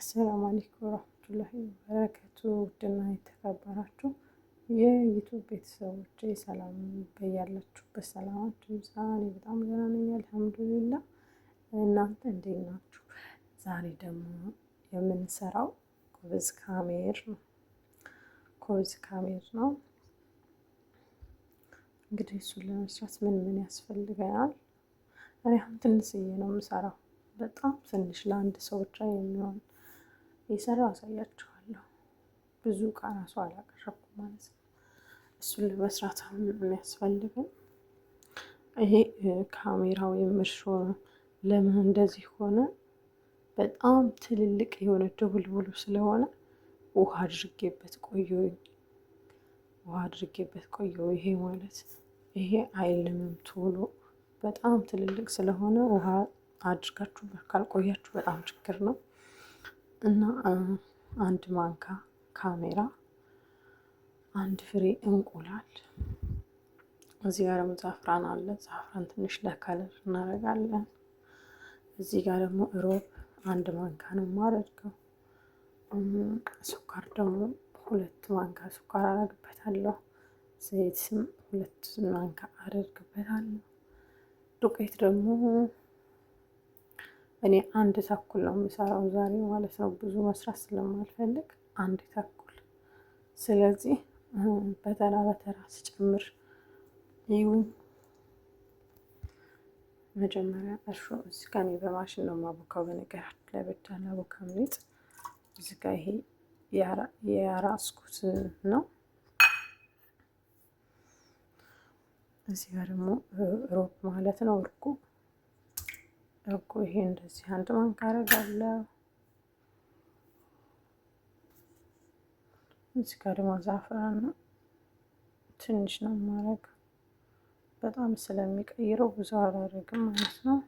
አሰላሙ አለይኩም ወራህመቱላሂ ወበረከቱ። ውድና የተከበራችሁ የዩቱብ ቤተሰቦች ሰላም በያላችሁበት ሰላማችሁ ዛሬ በጣም ደህና ነኝ አልሐምዱሊላህ። እናንተ እንዴት ናችሁ? ዛሬ ደግሞ የምንሰራው ኮብዝ ካሜር ነው። ኮብዝ ካሜር ነው እንግዲህ እሱን ለመስራት ምን ምን ያስፈልገናል? እኔ አሁን ትንሽዬ ነው የምሰራው፣ በጣም ትንሽ ለአንድ ሰው ብቻ የሚሆን የሰራው አሳያችኋለሁ። ብዙ እቃ ራሱ አላቀረብኩም ማለት ነው። እሱን ለመስራት አሁን የሚያስፈልገው ይሄ ካሜራው የምርሾ ነው። ለምን እንደዚህ ሆነ? በጣም ትልልቅ የሆነ ድቡልቡሉ ስለሆነ ውሃ አድርጌበት ቆየው፣ ውሃ አድርጌበት ቆየው። ይሄ ማለት ይሄ አይልምም ቶሎ በጣም ትልልቅ ስለሆነ ውሃ አድርጋችሁ ካልቆያችሁ በጣም ችግር ነው። እና አንድ ማንካ ካሜራ፣ አንድ ፍሬ እንቁላል። እዚህ ጋር ደግሞ ዛፍራን አለ። ዛፍራን ትንሽ ለከለር እናደርጋለን። እዚህ ጋር ደግሞ ሮብ አንድ ማንካ ነው የማደርገው። ስኳር ደግሞ ሁለት ማንካ ስኳር አደርግበታለሁ። ዘይትም ሁለት ማንካ አደርግበታለሁ። ዱቄት ደግሞ እኔ አንድ ተኩል ነው የምሰራው ዛሬ ማለት ነው። ብዙ መስራት ስለማልፈልግ አንድ ተኩል። ስለዚህ በተራ በተራ ስጨምር ይሁን። መጀመሪያ እርሾ እዚህ ጋ እኔ በማሽን ነው ማቦካው። በነገራችን ላይ ብቻ ላቦካ ምጥ እዚህ ጋ ይሄ የራስኩት ነው። እዚህ ጋ ደግሞ ሮብ ማለት ነው እርጎ እኮ ይሄ እንደዚህ አንድ ማንካረግ አለው። እዚህ ጋር ደግሞ ዛፍራን ትንሽ ነው ማረግ፣ በጣም ስለሚቀይረው ብዙ አላረግም ማለት ነው።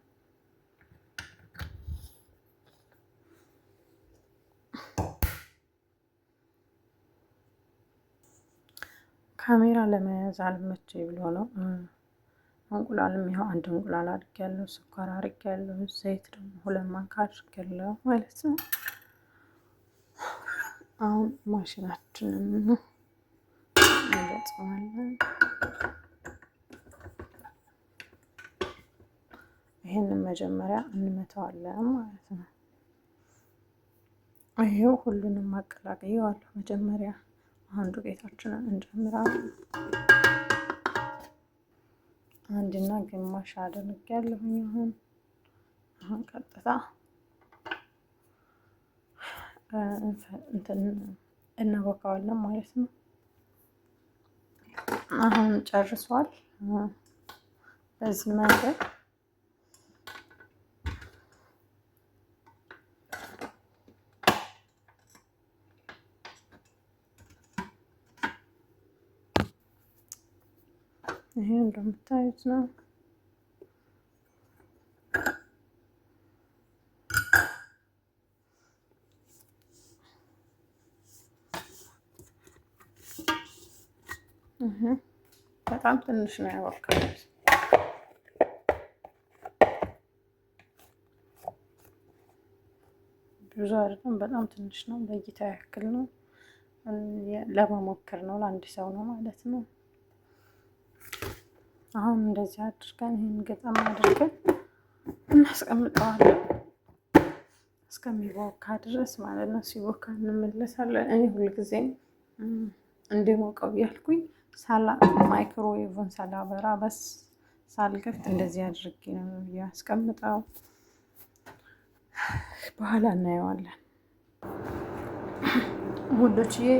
ካሜራ ለመያዝ አልመቼ ብሎ ነው እንቁላልም ይኸው አንድ እንቁላል አድርጊያለሁ፣ ስኳር አድርጊያለሁ፣ ዘይት ደግሞ ሁለት ማንካ አድርጊያለሁ ማለት ነው። አሁን ማሽናችንን እንገጽዋለን። ይህንን መጀመሪያ እንመተዋለን ማለት ነው። ይሄው ሁሉንም ማቀላቅየዋለሁ መጀመሪያ። አሁን ዱቄታችንን እንጀምራለን። አንድና ግማሽ አድርግ ያለሁኝ አሁን አሁን ቀጥታ እናቦካዋለን ማለት ነው። አሁን ጨርሷል በዚህ መንገድ ይሄ እንደምታዩት ነው። በጣም ትንሽ ነው ያወካሉት። ብዙ አይደለም፣ በጣም ትንሽ ነው። ለእይታ ያክል ነው። ለመሞከር ነው። ለአንድ ሰው ነው ማለት ነው። አሁን እንደዚህ አድርገን ይህን ገጠም አድርገን እናስቀምጠዋለን እስከሚቦካ ድረስ ማለት ነው። ሲቦካ እንመለሳለን። እኔ ሁልጊዜም እንዲሞቀው እያልኩኝ ሳላ ማይክሮዌቭን ሳላበራ በስ ሳልከፍት እንደዚህ አድርጌ ነው ያስቀምጠው። በኋላ እናየዋለን ውዶችዬ።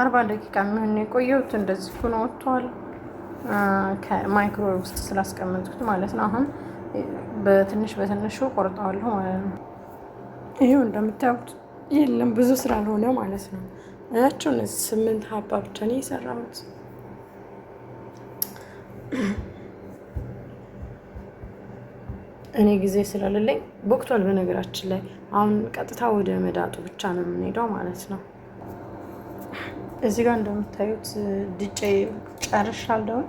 አርባ ደቂቃ የሚሆን የቆየሁት እንደዚህ ሆኖ ወጥቷል። ከማይክሮዌቭ ውስጥ ስላስቀመጥኩት ማለት ነው። አሁን በትንሽ በትንሹ ቆርጠዋለሁ ማለት ነው። ይሄው እንደምታዩት የለም ብዙ ስላልሆነ ማለት ነው። እያቸው እነዚህ ስምንት ሀባ ብቻ ነው የሰራሁት። እኔ ጊዜ ስለሌለኝ ቦክቷል። በነገራችን ላይ አሁን ቀጥታ ወደ መዳጡ ብቻ ነው የምንሄደው ማለት ነው። እዚህ ጋር እንደምታዩት ድጬ ጨርሻለሁ።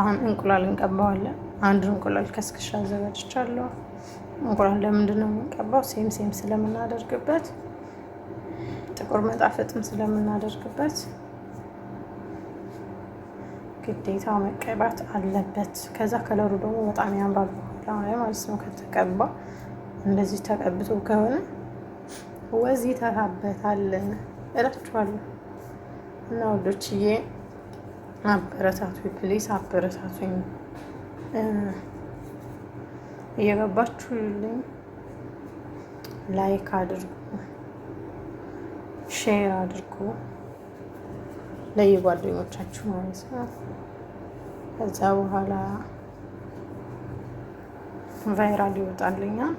አሁን እንቁላል እንቀባዋለን። አንዱን እንቁላል ከስክሻ አዘጋጅቻለሁ። እንቁላል ለምንድን ነው የምንቀባው? ሴም ሴም ስለምናደርግበት ጥቁር መጣፈጥም ስለምናደርግበት ግዴታ መቀባት አለበት። ከዛ ከለሩ ደግሞ በጣም ያምራል በኋላ ማለት ነው። ከተቀባ እንደዚህ ተቀብቶ ከሆነ ወዝ ተራበታለን እላችኋለሁ። እና ወዶችዬ አበረታቱ፣ ፕሊስ አበረታቱኝ። እየገባችሁልኝ ላይክ አድርጉ፣ ሼር አድርጉ ለየጓደኞቻችሁ ማለት ነው። ከዛ በኋላ ቫይራል ይወጣልኛል።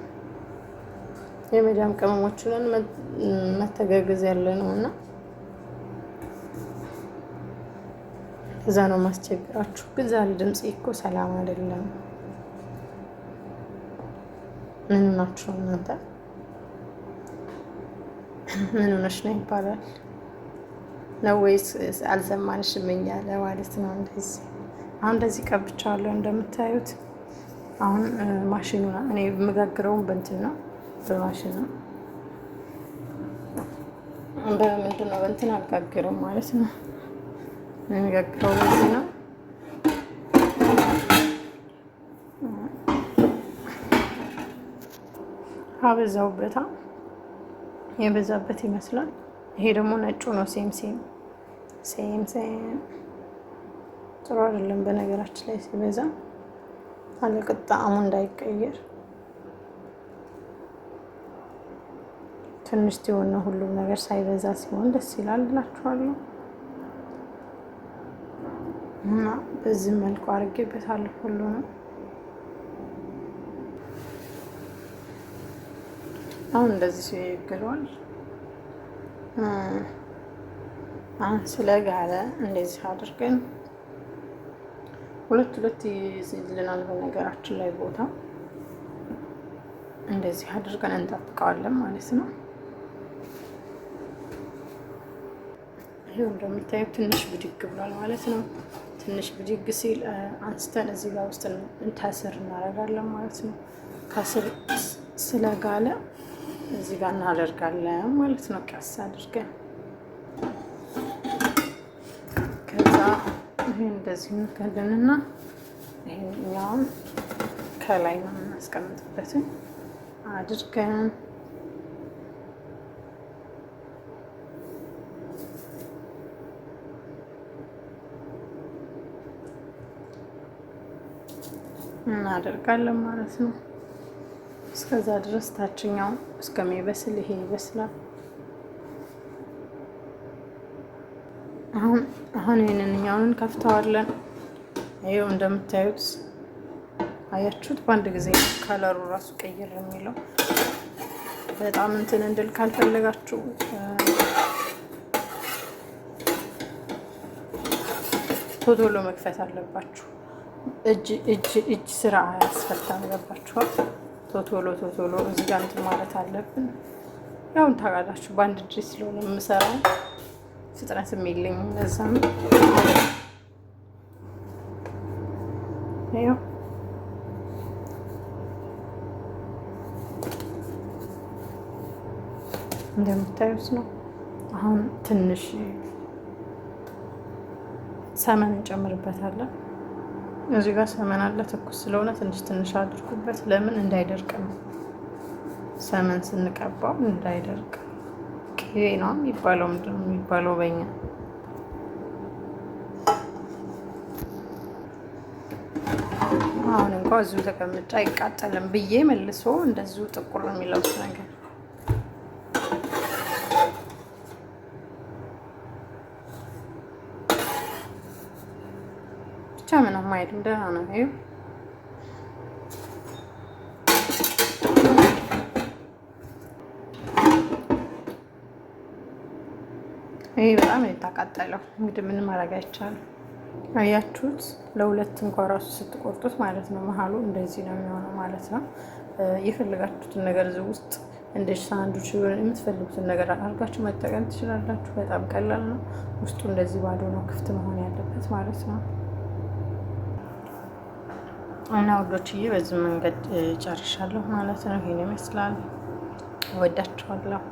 የመዳም ቅመሞች ነን መተጋገዝ ያለ ነው እና እዛ ነው ማስቸግራችሁ። ግን ዛሬ ድምፅ እኮ ሰላም አይደለም። ምን ናችሁ እናንተ? ምን ሆነሽ ነው ይባላል ነው ወይስ አልዘማንሽም እያለ ማለት ነው። እንደዚህ አሁን እንደዚህ ቀብቻለሁ እንደምታዩት። አሁን ማሽኑ ነው እኔ የምጋግረውን በእንትን ነው በማሽን ነው በምንድን ነው በእንትን አልጋግርም ማለት ነው። የሚጋግረው በዚህ ነው። አበዛውበታ የበዛበት ይመስላል። ይሄ ደግሞ ነጩ ነው። ሴም ሴም ሴም ሴም ጥሩ አይደለም። በነገራችን ላይ ሲበዛ አለቅጣሙ እንዳይቀየር ትንሽ ሲሆን ነው ሁሉም ነገር ሳይበዛ ሲሆን ደስ ይላል እላችኋለሁ። እና በዚህ መልኩ አድርጌበታለሁ ሁሉንም። አሁን እንደዚህ ሲገሏል። አሁን ስለጋለ እንደዚህ አድርገን ሁለት ሁለት ይይዝልናል። በነገራችን ላይ ቦታ እንደዚህ አድርገን እንጠብቀዋለን ማለት ነው። ይሄው እንደምታዩት ትንሽ ብድግ ብሏል ማለት ነው። ትንሽ ብድግ ሲል አንስተን እዚህ ጋር ውስጥ እንታስር እናደርጋለን ማለት ነው። ከስር ስለጋለ እዚህ ጋር እናደርጋለን ማለት ነው። ቀስ አድርገን ከዛ ይሄን እንደዚህ እንከልንና ይሄኛውን ከላይ ነው የምናስቀምጥበትን አድርገን እናደርጋለን ማለት ነው። እስከዛ ድረስ ታችኛው እስከሚበስል ይሄ ይበስላል። አሁን አሁን ይህንንኛውን ከፍተዋለን። ይኸው እንደምታዩት አያችሁት፣ በአንድ ጊዜ ከለሩ ራሱ ቀይር የሚለው በጣም እንትን እንድል ካልፈለጋችሁ ቶቶሎ መክፈት አለባችሁ። እጅ እጅ እጅ ስራ ያስፈታል። ገባችኋል? ቶቶሎ ቶቶሎ እዚህ ጋር እንትን ማለት አለብን። ያውን ታውቃላችሁ፣ በአንድ እጅ ስለሆነ የምሰራው ፍጥነት የለኝም። እዛም ያው እንደምታዩት ነው። አሁን ትንሽ ሰመን እንጨምርበታለን። እዚህ ጋር ሰመን አለ። ትኩስ ስለሆነ ትንሽ ትንሽ አድርጉበት። ለምን እንዳይደርቅ ነው። ሰመን ስንቀባው እንዳይደርቅ ቅቤ ነው የሚባለው። ምንድን ነው የሚባለው በኛ አሁን እንኳ እዚሁ ተቀምጫ አይቃጠልም ብዬ መልሶ እንደዚሁ ጥቁር የሚለውስ ነገር ብቻ ምንም አይልም፣ ደህና ነው። ይኸው ይህ በጣም የታቃጠለው እንግዲህ ምን ማድረግ አይቻልም። አያችሁት? ለሁለት እንኳ ራሱ ስትቆርጡት ማለት ነው መሀሉ እንደዚህ ነው የሚሆነው ማለት ነው። የፈለጋችሁትን ነገር እዚህ ውስጥ እንደ ሳንዱች የምትፈልጉትን ነገር አድርጋችሁ መጠቀም ትችላላችሁ። በጣም ቀላል ነው። ውስጡ እንደዚህ ባዶ ነው ክፍት መሆን ያለበት ማለት ነው። እና ውዶችዬ በዚህ መንገድ ጨርሻለሁ ማለት ነው። ይሄን ይመስላል። ወዳችኋለሁ።